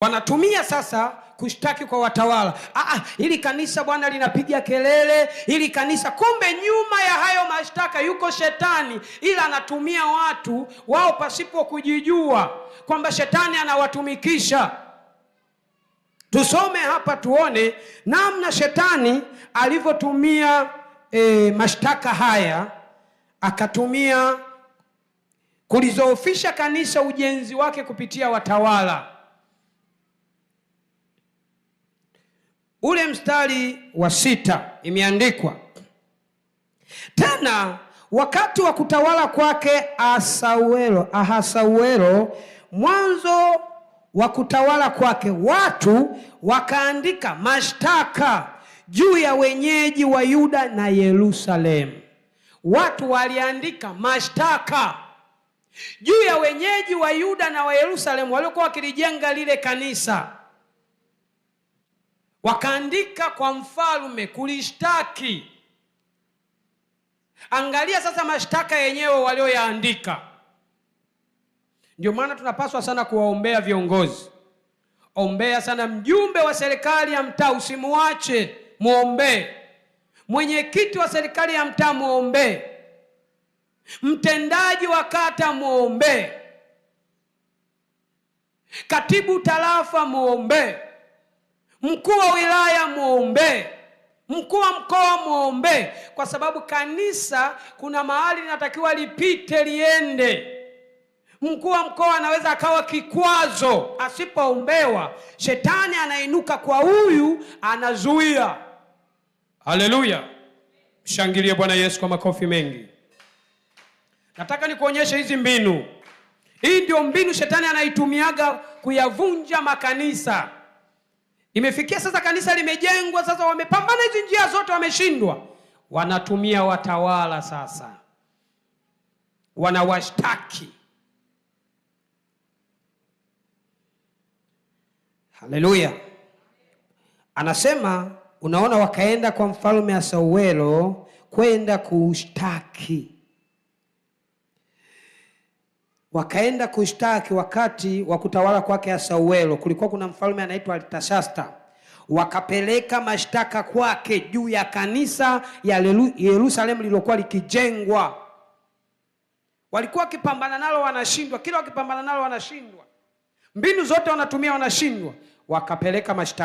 Wanatumia sasa kushtaki kwa watawala. ah, ah ili kanisa bwana linapiga kelele, ili kanisa. Kumbe nyuma ya hayo mashtaka yuko shetani, ila anatumia watu wao pasipo kujijua kwamba shetani anawatumikisha. Tusome hapa tuone namna shetani alivyotumia e, mashtaka haya akatumia kulizoofisha kanisa ujenzi wake kupitia watawala. ule mstari wa sita imeandikwa tena, wakati wa kutawala kwake Asauero, Ahasauero, mwanzo wa kutawala kwake, watu wakaandika mashtaka juu ya wenyeji wa Yuda na Yerusalemu. Watu waliandika mashtaka juu ya wenyeji wa Yuda na wa Yerusalemu waliokuwa wakilijenga lile kanisa wakaandika kwa mfalme kulishtaki. Angalia sasa mashtaka yenyewe walioyaandika. Ndio maana tunapaswa sana kuwaombea viongozi. Ombea sana mjumbe wa serikali ya mtaa, usimuache, mwombee. Mwenyekiti wa serikali ya mtaa, mwombee. Mtendaji wa kata, mwombee. Katibu tarafa, mwombee. Mkuu wa wilaya mwombee, mkuu wa mkoa mwombee, kwa sababu kanisa kuna mahali linatakiwa lipite liende. Mkuu wa mkoa anaweza akawa kikwazo, asipoombewa shetani anainuka kwa huyu, anazuia. Haleluya! Mshangilie Bwana Yesu kwa makofi mengi. Nataka nikuonyeshe hizi mbinu. Hii ndio mbinu shetani anaitumiaga kuyavunja makanisa. Imefikia sasa kanisa limejengwa, sasa wamepambana hizi njia zote, wameshindwa. Wanatumia watawala sasa, wanawashtaki. Haleluya! Anasema unaona, wakaenda kwa mfalme Asauelo kwenda kuushtaki wakaenda kushtaki wakati wa kutawala kwake Asauelo. Kulikuwa kuna mfalme anaitwa Artashasta, wakapeleka mashtaka kwake juu ya kanisa ya Yerusalemu lililokuwa likijengwa. Walikuwa wakipambana nalo wanashindwa, kila wakipambana nalo wanashindwa, mbinu zote wanatumia wanashindwa, wakapeleka mashtaka